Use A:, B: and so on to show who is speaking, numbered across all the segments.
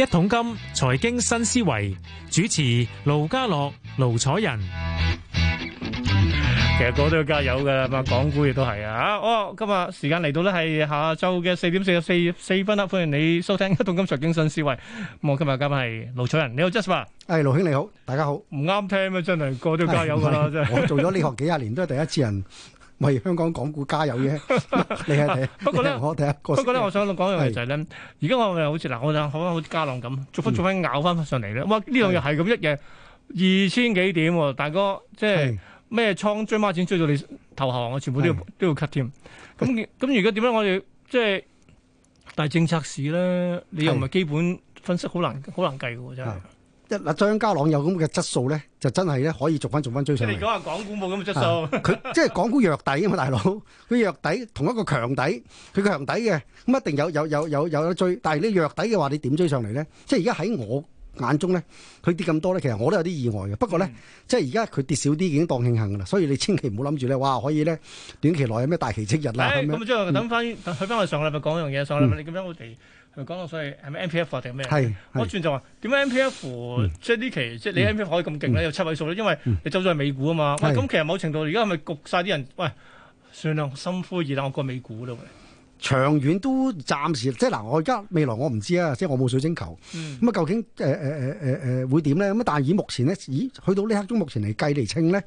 A: 一桶金財經新思維主持盧家樂、盧楚仁，其實嗰度都要加油噶啦，講股亦都係啊！哦，今日時間嚟到咧，係下晝嘅四點四十四四分啦。歡迎你收聽一桶金財經新思維。咁我今日嘉賓係盧楚仁，你好，Just 嘛？
B: 誒，盧兄你好，大家好。
A: 唔啱聽咩？真係嗰
B: 度都加油噶啦，真係。我做咗呢行幾廿年，都係第一次人。喂，香港港股加油啫！
A: 你睇看， 不過咧，我睇一個。不過咧，我想講樣嘢就係咧，而家我咪好似嗱，我想可好似加隆咁，逐分逐分咬翻上嚟咧？哇！呢樣嘢係咁，一夜，二千幾點，大哥即係咩倉追孖錢追到你投降，我全部都要是都要 cut 添。咁咁而家點咧？我哋即係大政策市咧，你又唔係基本分析，好難好難計嘅真係。
B: 一嗱張家朗有咁嘅質素咧，就真係咧可以逐番逐番追上嚟。你講
A: 下港股冇咁嘅質素，
B: 佢、啊、即係港股弱底啊嘛，大佬佢弱底，同一個強底，佢強底嘅咁一定有有有有有得追。但係呢弱底嘅話，你點追上嚟咧？即係而家喺我眼中咧，佢跌咁多咧，其實我都有啲意外嘅。不過咧，嗯、即係而家佢跌少啲已經當慶幸㗎啦。所以你千祈唔好諗住咧，哇，可以咧短期內有咩大奇蹟日啦。誒咁啊張，等
A: 翻去翻我哋上個禮拜講嗰樣嘢，嗯、上個禮拜你咁樣好哋。講到所以係咪 M P F 定係咩？我轉就話點解 M P F、嗯、即係呢期即係你 M P F 可以咁勁咧，有七位數咧？因為你走在美股啊嘛。咁、嗯、其實某程度而家係咪焗晒啲人？喂，算啦，心灰意冷我過美股喇喂，
B: 長遠都暫時即係嗱，我而家未來我唔知啊，即係我冇水晶球。咁啊、嗯，究竟誒誒誒誒誒會點咧？咁但係以目前咧，以去到呢刻鐘目前嚟計嚟稱咧。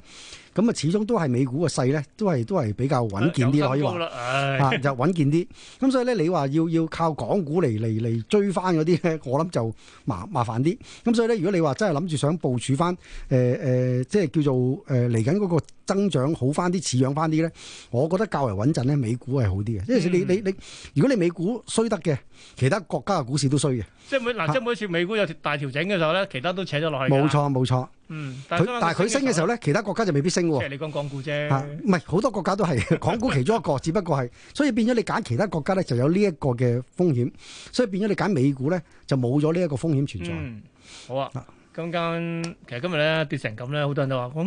B: 咁啊，始終都係美股嘅勢咧，都係都係比較穩健啲咯。可以話就穩健啲。咁所以咧，你話要要靠港股嚟嚟嚟追翻嗰啲咧，我諗就麻麻煩啲。咁所以咧，如果你話真係諗住想部署翻誒誒，即係叫做誒嚟緊嗰個增長好翻啲、似樣翻啲咧，我覺得較為穩陣咧，美股係好啲嘅。因為你你你，如果你美股衰得嘅，其他國家嘅股市都衰嘅、嗯。
A: 即係每嗱，即係每一次美股有大調整嘅時候咧，其他都扯咗落去。冇錯，冇錯。嗯，但係佢但係佢升嘅時候咧，其他
B: 國家就未必升喎。係你講港股啫，唔係好多國家都係港股其中一個，只不過係，所以變咗你揀其他國家咧就有呢一個嘅風險，所以變咗你揀美股咧就冇咗呢一個風險存在。
A: 嗯，好啊。嗱，今間其實今日咧跌成咁咧，好多人都話咁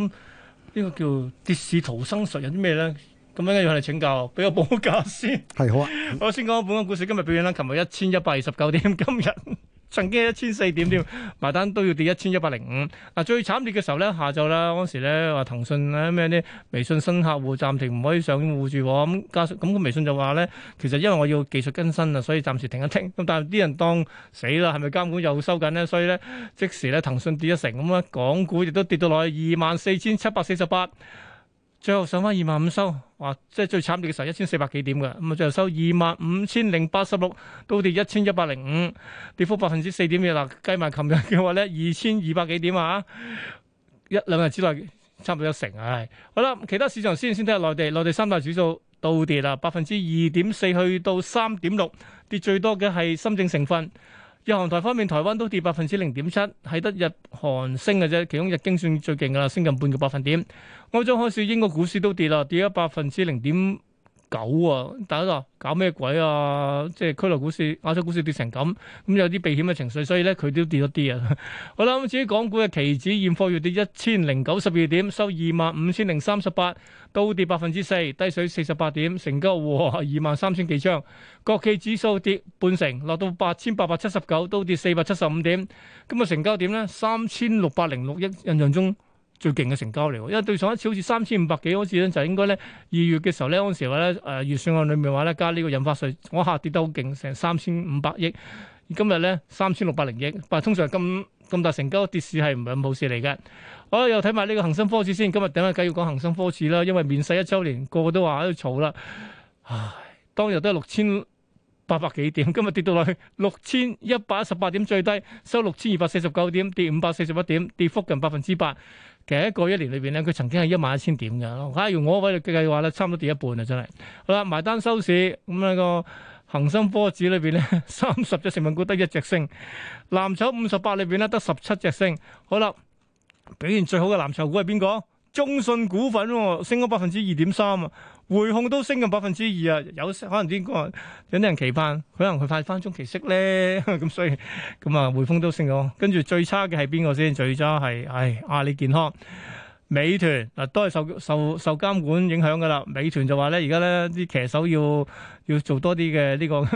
A: 呢個叫跌市逃生術有啲咩咧？咁樣要向你請教，俾個報價先。係好啊，我先講本港股市，今日表現啦，琴日一千一百二十九點，今日。曾經係一千四點添，埋單都要跌一千一百零五。嗱，最慘烈嘅時候咧，下晝啦，嗰陣時咧話騰訊咧咩啲微信新客戶暫停唔可以上戶住喎。咁、嗯、加咁個微信就話咧，其實因為我要技術更新啊，所以暫時停一停。咁但係啲人當死啦，係咪監管又收緊咧？所以咧即時咧騰訊跌一成咁啊，港股亦都跌到落去二萬四千七百四十八。最後上翻二萬五收，哇！即係最慘烈嘅時候一千四百幾點嘅，咁啊最後收二萬五千零八十六，倒跌一千一百零五，跌幅百分之四點二啦。計埋琴日嘅話咧，二千二百幾點啊？一兩日之內差唔多一成。唉、哎，好啦，其他市場先先睇下內地，內地三大指數倒跌啦，百分之二點四去到三點六，跌最多嘅係深證成分。日韓台方面，台灣都跌百分之零點七，係得日韓升嘅啫，其中日經算最勁噶啦，升近半個百分點。歐洲股市，英國股市都跌啦，跌咗百分之零點九啊！大家話搞咩鬼啊！即係區內股市、亞洲股市跌成咁，咁有啲避險嘅情緒，所以咧佢都跌咗啲啊。 好啦，咁至於港股嘅期指現貨月跌一千零九十二點，收二萬五千零三十八，都跌百分之四，低水四十八點，成交二萬三千幾張。國企指數跌半成，落到八千八百七十九，都跌四百七十五點。咁啊，成交點咧三千六百零六億，印象中。最勁嘅成交嚟，因為對上一次好似三千五百幾，好似咧就應該咧二月嘅時候咧，嗰陣時話咧誒預算案裏面話咧加呢個印花稅，我下跌得好勁，成三千五百億，今日咧三千六百零億。但係通常咁咁大成交跌市係唔係冇事嚟嘅？我又睇埋呢個恒生科指先，今日等下梗要講恒生科指啦，因為面世一週年，個個都話喺度炒啦。唉，當日都係六千八百幾點，今日跌到落去六千一百一十八點最低，收六千二百四十九點，跌五百四十一點，跌幅近百分之八。嘅一個一年裏邊咧，佢曾經係一萬一千點嘅，假、啊、如我位度計計話咧，差唔多跌一半啊，真係。好啦，埋單收市，咁、那、咧個恒生科指裏邊咧，三十隻成分股得一隻升，藍籌五十八裏邊咧得十七隻升。好啦，表現最好嘅藍籌股係邊個？中信股份升咗百分之二點三啊，匯、啊、控都升咗百分之二啊，有可能啲人有啲人期盼，佢可能佢快翻中期息咧，咁 所以咁啊匯豐都升咗，跟住，最差嘅係邊個先？最差係唉阿里、啊、健康。美團嗱、啊、都係受受受監管影響噶啦，美團就話咧而家咧啲騎手要要做多啲嘅呢個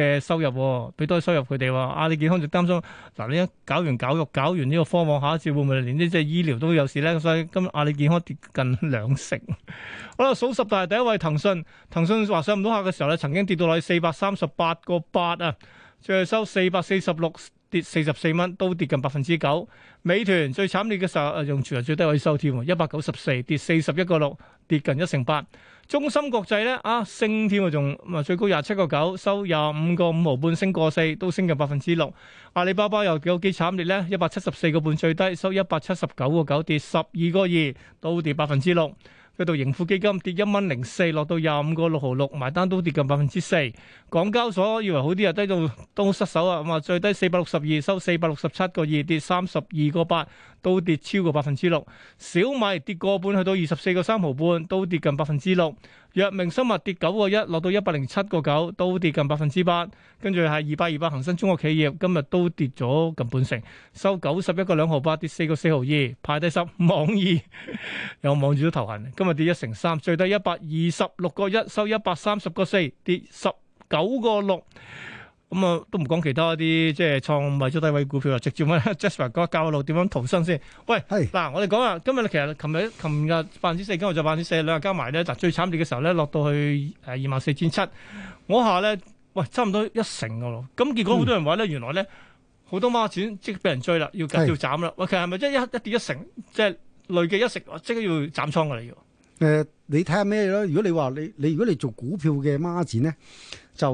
A: 嘅收入、哦，俾多啲收入佢哋、哦。話阿里健康就擔心嗱，你、啊、一搞完教育，搞完呢個科網，下一次會唔會連啲即係醫療都有事咧？所以今日阿里健康跌近兩成。 好啦，數十大第一位，騰訊，騰訊話上唔到客嘅時候咧，曾經跌到落去四百三十八個八啊，最近收四百四十六。跌四十四蚊，都跌近百分之九。美團最慘烈嘅時候，用全日最低可以收添喎，一百九十四跌四十一個六，跌近一成八。中芯國際咧啊，升添啊，仲最高廿七個九，收廿五個五毫半，升過四，都升近百分之六。阿里巴巴又有幾幾慘烈呢，一百七十四個半最低收一百七十九個九，跌十二個二，都跌百分之六。去到盈富基金跌一蚊零四，落到廿五個六毫六，埋單都跌近百分之四。港交所以為好啲，又低到都失手啊！咁啊，最低四百六十二收四百六十七個二，跌三十二個八，都跌超過百分之六。小米跌個半，去到二十四個三毫半，都跌近百分之六。藥明生物跌九個一，落到一百零七個九，都跌近百分之八。跟住係二百二百恒生中國企業，今日都跌咗近半成，收九十一個兩毫八，跌四個四毫二。派低十，網易。有望住都頭痕，今日跌一成三，最低一百二十六個一，收一百三十個四，跌十九個六。咁啊，都唔講其他啲，即係創埋咗低位股票啊！直接問 Jasper 講：教路點樣逃生先？喂，係嗱，我哋講下，今日其實琴日、琴日百分之四，今日就百分之四，兩日加埋咧，就最慘烈嘅時候咧，落到去誒二萬四千七，我下咧，喂，差唔多一成個咯。咁結果好多人話咧，原來咧好多孖展即係俾人追啦，要要斬啦。喂，其實係咪一一一跌一成，即係累計一成即係要斬倉㗎啦？要
B: 誒，你睇下咩咯？如果你話你你如果你做股票嘅孖展咧。就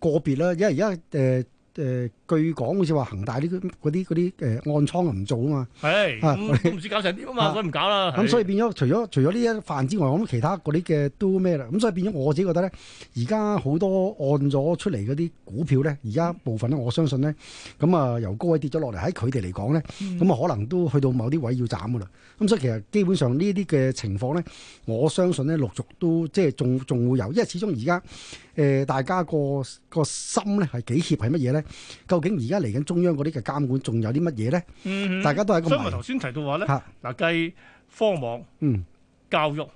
B: 個別啦，因為而家誒。誒據講好似話恒大呢啲嗰啲誒暗倉啊唔做啊嘛，係咁唔知搞成點啊嘛，所以
A: 唔搞啦。咁所
B: 以變咗除咗除咗呢一範之外，咁其他嗰啲嘅都咩啦？咁所以變咗我自己覺得咧，而家好多按咗出嚟嗰啲股票咧，而家部分咧，我相信咧，咁啊由高位跌咗落嚟，喺佢哋嚟講咧，咁啊可能都去到某啲位要斬噶啦。咁所以其實基本上呢啲嘅情況咧，我相信咧陸續都即係仲仲，仲會有，因為始終而家誒大家個個心咧係幾怯係乜嘢咧？究竟而家嚟緊中央嗰啲嘅監管仲有啲乜嘢咧？
A: 嗯、大家都係咁。所以我頭先提到話咧，嗱計、啊、科網、
B: 嗯、
A: 教育、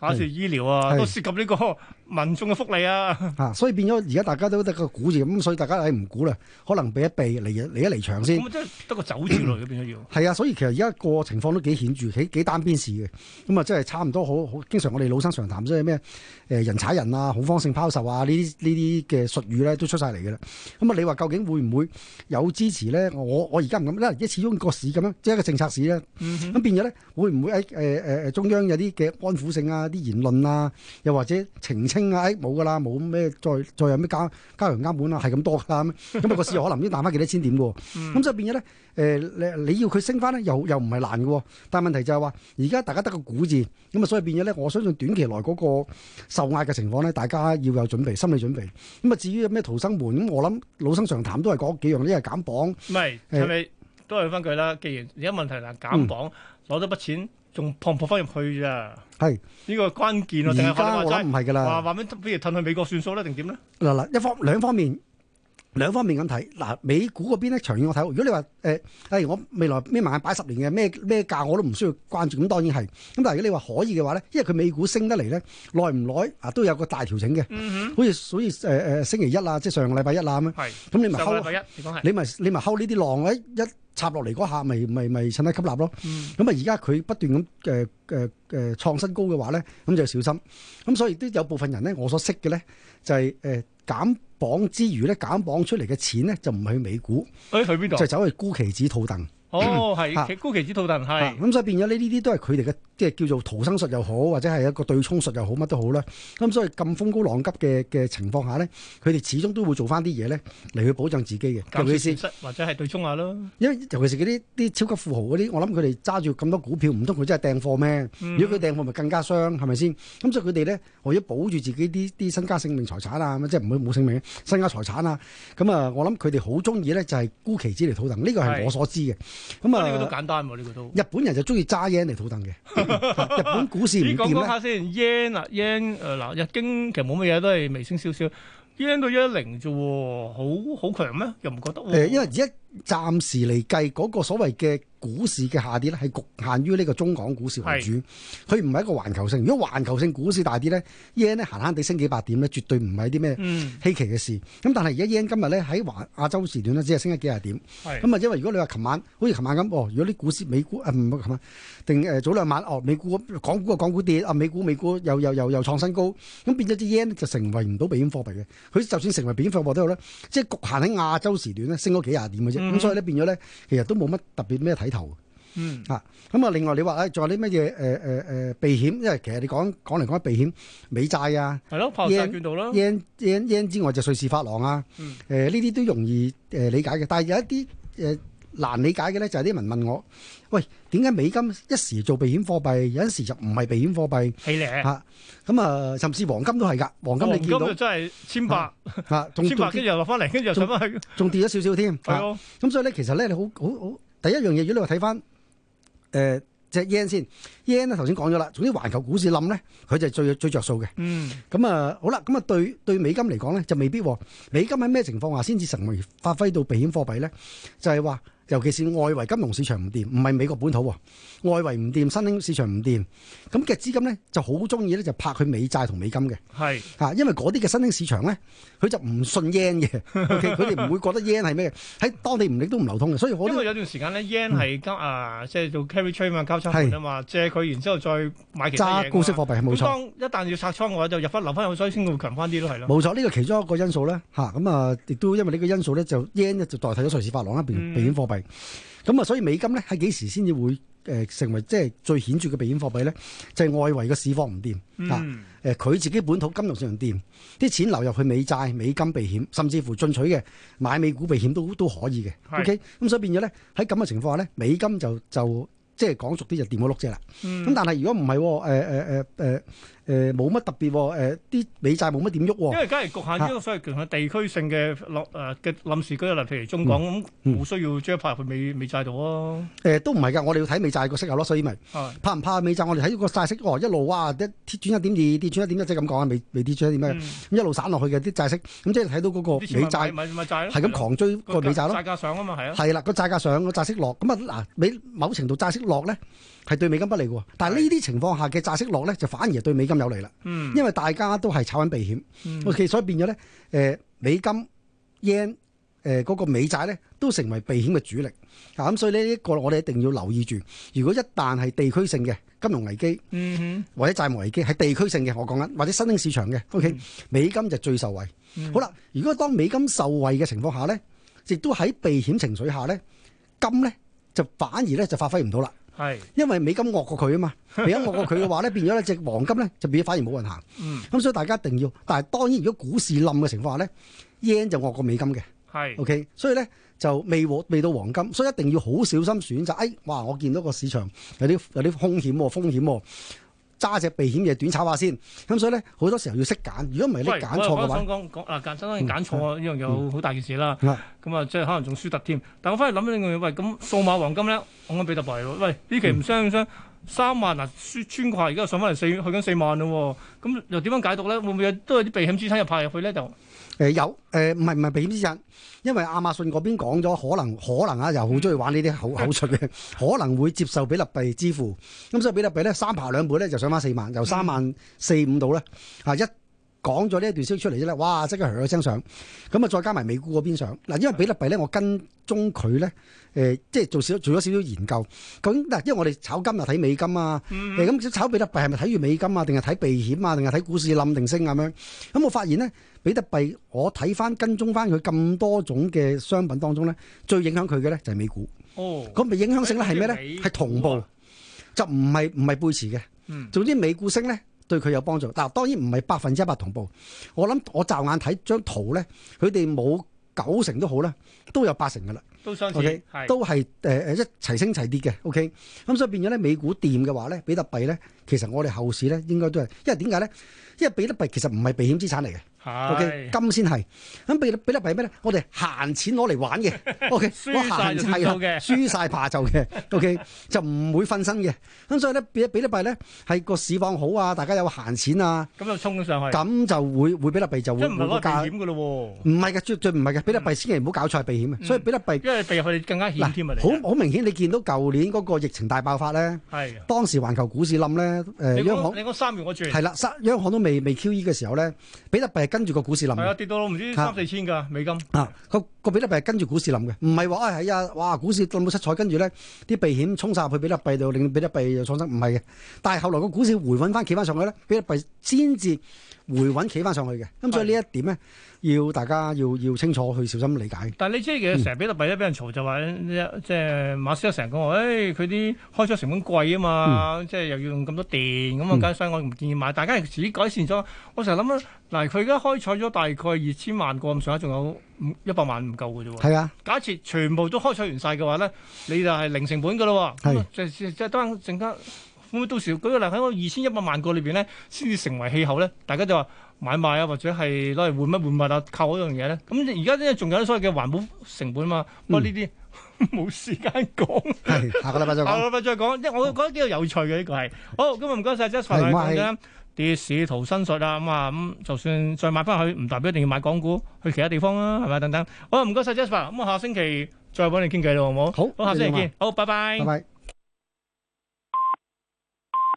A: 下次醫療啊，的都涉及呢、這個。民眾嘅福利
B: 啊！啊，所以變咗而家大家都得個估字咁，所以大家係唔估啦，可能避一避嚟嚟一離場先。得、
A: 嗯、個走字咯，變
B: 咗要。係 啊，所以其實而家個情況都幾顯著，幾幾單邊市嘅。咁、嗯、啊，即係差唔多好好，經常我哋老生常談，即係咩誒人踩人啊，恐慌性拋售啊，呢啲呢啲嘅術語咧都出晒嚟嘅啦。咁、嗯、啊，你話究竟會唔會有支持咧？我我而家唔敢，因為始終個市咁樣，即係一個政策市咧。咁、嗯、哼變咗咧，會唔會喺誒誒中央有啲嘅安撫性啊，啲言論啊，又或者澄清？冇噶啦，冇咩、哎、再再有咩加加強加滿啊，係咁多噶啦。咁啊個市可能要彈翻幾多千點噶。咁 所以變咗咧，誒、呃，你你要佢升翻咧，又又唔係難噶。但係問題就係話，而家大家得個估字，咁啊，所以變咗咧，我相信短期內嗰個受壓嘅情況咧，大家要有準備，心理準備。咁啊，至於有咩逃生門，咁我諗老生常談都係講幾樣，呢係減磅，係
A: 係咪都係翻佢啦？既然而家問題係減磅，攞多筆錢。仲破唔破翻入去咋？係呢個關鍵啊！而家我覺得唔係噶啦。話話咩？不如褪去美國算數咧，定點咧？
B: 嗱嗱，一方兩方面，兩方面咁睇。嗱，美股嗰邊咧，長遠我睇，如果你話誒，誒，我未來咩埋眼擺十年嘅咩咩價，我都唔需要關注。咁當然係。咁但係如果你話可以嘅話咧，因為佢美股升得嚟咧，耐唔耐啊，都有個大調整嘅。嗯哼。好似好似誒誒，星期一啊，即係上個禮拜一啊咁。係。咁你咪睺一？你講係。你咪你咪睺呢啲浪啊！一插落嚟嗰下，咪咪咪趁低吸納咯。咁啊，而家佢不斷咁誒誒誒創新高嘅話咧，咁就要小心。咁所以都有部分人咧，我所識嘅咧就係、是、誒、呃、減磅之餘咧，減磅出嚟嘅錢咧就唔去美股，
A: 誒、哎、去邊度就走去
B: 沽期指套凳。哦，係
A: 沽期指套戥係，咁、啊、所以變
B: 咗呢？呢啲都係佢哋嘅，即係叫做逃生術又好，或者係一個對沖術又好，乜都好啦。咁所以咁風高浪急嘅嘅情況下咧，佢哋始終都會做翻啲嘢咧嚟去保障自己嘅，係咪先？或者係
A: 對沖下
B: 咯。因為尤其是嗰啲啲超級富豪嗰啲，我諗佢哋揸住咁多股票，唔通佢真係掟貨咩？嗯、如果佢掟貨咪更加傷，係咪先？咁所以佢哋咧，為咗保住自己啲啲身家性命財產啊，咁即係唔會冇性命身家財產啊。咁啊，我諗佢哋好中意咧，就係沽期指嚟套戥，呢個係我所知嘅。咁啊，呢個都簡
A: 單、啊，呢個都。
B: 日本人就中意揸 yen 嚟套戥嘅。
A: 日本股市唔掂咧。講 下先，yen 啊 yen，誒嗱，日經其實冇乜嘢，都係微升少少。yen 到一零啫，好好強咩？又唔覺得、啊？誒，因
B: 為而暫時嚟計嗰個所謂嘅股市嘅下跌咧，係局限於呢個中港股市為主，佢唔係一個環球性。如果環球性股市大啲咧，yen 呢閒閒地升幾百點咧，絕對唔係啲咩稀奇嘅事。咁、嗯、但係而家 yen 今日咧喺亞洲時段咧，只係升咗幾廿點。咁啊是，因為如果你話琴晚，好似琴晚咁，哦，如果啲股市美股啊唔係琴晚定誒、呃、早兩晚哦，美股港股啊港股跌啊，美股美股又又又又，又又又又創新高，咁變咗啲 yen 就成為唔到避險貨幣嘅。佢就算成為避險貨幣都好咧，即係局限喺亞洲時段咧，升咗幾廿點嘅啫。咁、嗯、所以咧變咗咧，其實都冇乜特別咩睇頭。嗯啊，咁啊，另外你話啊，仲有啲乜嘢誒誒誒避險，因為其實你講講嚟講去避險，美債啊，係咯、嗯，日圓之外就瑞士法郎啊，誒呢啲都容易誒、呃、理解嘅，但係有一啲誒，呃難理解嘅咧就係啲人問我，喂，點解美金一時做避險貨幣，有陣時就唔係避險貨幣？係咧吓，咁啊，甚至黃金都係噶，黃金你見到？黃金真係、啊、千百吓，千百跟住落翻嚟，跟住上翻去，仲跌咗少少添。係咁所以咧，其實咧，你好好好，第一樣嘢，如果你話睇翻，誒、呃，隻 yen 先 yen 咧，頭先講咗啦，總之環球股市冧咧，佢就係最最着數嘅。嗯，咁啊，好啦，咁啊，對對美金嚟講咧，就未必。美金喺咩情況下先至成為發揮到避險貨幣咧？就係話。尤其是外圍金融市場唔掂，唔係美國本土喎，外圍唔掂，新興市場唔掂，咁嘅資金咧就好鍾意咧就拍佢美債同美金嘅，係嚇是，因為嗰啲嘅新興市場咧，佢就唔信 yen 嘅，佢哋唔會覺得 yen 係咩喺當地唔叻都唔流通嘅，所以我因
A: 為有段時間咧 yen 係加啊，即係做 carry trade 嘛，交差盤啊嘛，借佢然之後再買其他嘢，揸高息貨幣冇錯。當一旦要拆倉嘅話，就入翻留翻去，所以先會強翻啲咯，係咯。冇錯，呢、呢
B: 個其中一個因素咧吓，咁啊亦都、啊、因為呢個因素咧，就 yen 就代替咗瑞士法郎啦，避避險貨幣。咁啊，所以美金咧喺幾時先至會誒成為即係最顯著嘅避險貨幣咧？就係、是、外圍嘅市況唔掂啊！誒，佢自己本土金融市場掂，啲錢流入去美債、美金避險，甚至乎進取嘅買美股避險都都可以嘅。OK，咁所以變咗咧喺咁嘅情況下咧，美金就就即係講熟啲就掂咗碌啫啦。咁、嗯、但係如果唔係誒誒誒誒。呃呃呃呃誒，冇乜、呃、特別、哦，誒、呃，啲美債冇乜點喐。因為梗係
A: 局限於所謂叫同地區性嘅落，誒嘅臨時舉例，譬、呃、如中港咁，冇、嗯嗯、需要將一派入去美美債度咯。
B: 誒、呃，都唔係㗎，我哋要睇美債個息率咯，所以咪怕唔怕美債？我哋睇個債息哦，一路哇，跌跌轉一點二，跌轉一點一，即係咁講啊，美美跌轉 2,、嗯、一點乜咁一路散落去嘅啲債息，咁即係睇到嗰個美債，咪
A: 咪係咁狂追個美債咯的。債價上啊嘛，係啊，係啦，
B: 個債價上，個債息落，咁啊嗱，美、那個那個、某程度債,、那個、債息落咧。係對美金不利嘅，但係呢啲情況下嘅債息落咧，就反而對美金有利啦。嗯，因為大家都係炒緊避險，我其、嗯 okay，所以變咗咧，誒、呃、美金 yen 嗰、呃那個美債咧都成為避險嘅主力啊。咁、嗯、所以呢一個我哋一定要留意住，如果一旦係地區性嘅金融危機，
A: 嗯
B: 哼，或者債務危機係地區性嘅，我講緊或者新興市場嘅，O K 美金就最受惠。嗯、好啦，如果當美金受惠嘅情況下咧，亦都喺避險情緒下咧，金咧就反而咧就發揮唔到啦。係，因為美金惡過佢啊嘛，美金惡過佢嘅話咧， 變咗咧隻黃金咧就變咗反而冇人行，咁、嗯、所以大家一定要，但係當然如果股市冧嘅情況下咧，yen 就惡過美金嘅是，OK，所以咧就未獲未到黃金，所以一定要好小心選擇。哎，哇！我見到個市場有啲有啲風險喎、啊，風險喎、啊。揸隻避險嘢短炒下先，咁所以咧好多時候要識揀。如果唔係你揀錯嘅話、嗯嗯，喂，我剛
A: 剛講啊，真係揀錯呢樣有好大件事啦。咁啊，即係可能仲輸得添。但我翻去諗另一樣喂，咁數碼黃金咧，我啱啱比特幣喎。喂，呢期唔升唔升三萬嗱、啊，穿穿過而家上翻嚟四，去緊四萬咯、啊。咁又點樣解讀咧？會唔會都係啲避險資產入派入去咧？就
B: 誒、呃、有誒，唔係唔係避險資產，因為亞馬遜嗰邊講咗可能可能，可能啊，又好中意玩呢啲口口述嘅，可能會接受比特幣支付，咁所以比特幣咧三爬兩倍咧就上翻四萬，由三萬四五度咧啊一。講咗呢一段消息出嚟啫咧，哇，即刻響咗聲上，咁啊再加埋美股嗰邊上，嗱，因為比特幣咧，我跟蹤佢咧，誒，即係做少做咗少少研究，咁嗱，因為我哋炒金又睇美金啊，誒，咁炒比特幣係咪睇住美金啊，定係睇避險啊，定係睇股市冧定升咁樣？咁我發現呢，比特幣我睇翻跟蹤翻佢咁多種嘅商品當中咧，最影響佢嘅咧就係美股，哦，咁咪影響性咧係咩咧？係同步，就唔係唔係背馳嘅，嗯，總之美股升咧。對佢有幫助嗱，但當然唔係百分之一百同步。我諗我驟眼睇張圖咧，佢哋冇九成都好啦，都有八成噶啦。都相似，係 okay? 是都係誒誒一齊升齊跌嘅。O K，咁所以變咗咧，美股掂嘅話咧，比特幣咧，其實我哋後市咧應該都係，因為點解咧？因為比特幣其實唔係避險資產嚟嘅。O.K. 金先係咁，比比特幣咩咧？我哋閒錢攞嚟玩嘅。
A: O.K. 我閒錢嘅，啊，輸
B: 曬怕就嘅。O.K. 就唔會瞓身嘅。咁所以咧，比比特幣咧係個市況好啊，大家有閒錢啊。
A: 咁就衝咗上去。咁
B: 就會會比特幣就會冇危險㗎喇
A: 喎。唔
B: 係嘅，絕對唔係嘅，比特幣千祈唔好搞錯避險嘅。所以比特幣因為
A: 避佢哋更加險添，好
B: 好明顯，你見到舊年嗰個疫情大爆發咧，當時環球股市冧咧，誒央行你
A: 講三月我住。係啦，
B: 央央行都未未 Q.E. 嘅時候咧，比特幣跟住個股市冧，係啊，跌到唔知三
A: 四千㗎美金。
B: 啊，個個比特幣跟住股市冧嘅，唔係話啊係啊，哇！股市咁好七彩，跟住咧啲避險沖曬入去比特幣度，令比特幣又創新，唔係嘅。但係後來個股市回穩翻企翻上去咧，比特幣先至回穩企翻上去嘅。咁所以呢一點咧，要大家要要清楚去小心理解。
A: 但係你即係其實成比特幣咧，俾人嘈就話即係馬斯克成講話，誒佢啲開咗成本貴啊嘛，嗯、即係又要用咁多電咁啊，所以我唔建議買，大家自己改善咗，我成日諗嗱，佢而家開採咗大概二千萬個咁上下，仲有五一百萬唔夠嘅啫喎。係啊，假設全部都開採完晒嘅話咧，你就係零成本嘅咯。係，即係即係等陣間，會唔會到時舉個例喺我二千一百萬個裏邊咧，先至成為氣候咧？大家就話買賣啊，或者係攞嚟換物換物啊，靠嗰樣嘢咧？咁而家呢，仲有啲所謂嘅環保成本啊嘛，不過呢啲冇時間講。係，下個禮拜再下個禮拜再講，即係、嗯、我覺得幾有趣嘅呢個係。好，今日唔該晒，真財啲逃生術啊，咁啊咁，就算再買翻去，唔代表一定要買港股，去其他地方啊，係咪等等？好唔該晒 Jeff 啊，咁我、嗯、下星期再揾你傾偈咯，好唔好？好，好，下星期見，好，拜，拜拜。拜拜拜拜。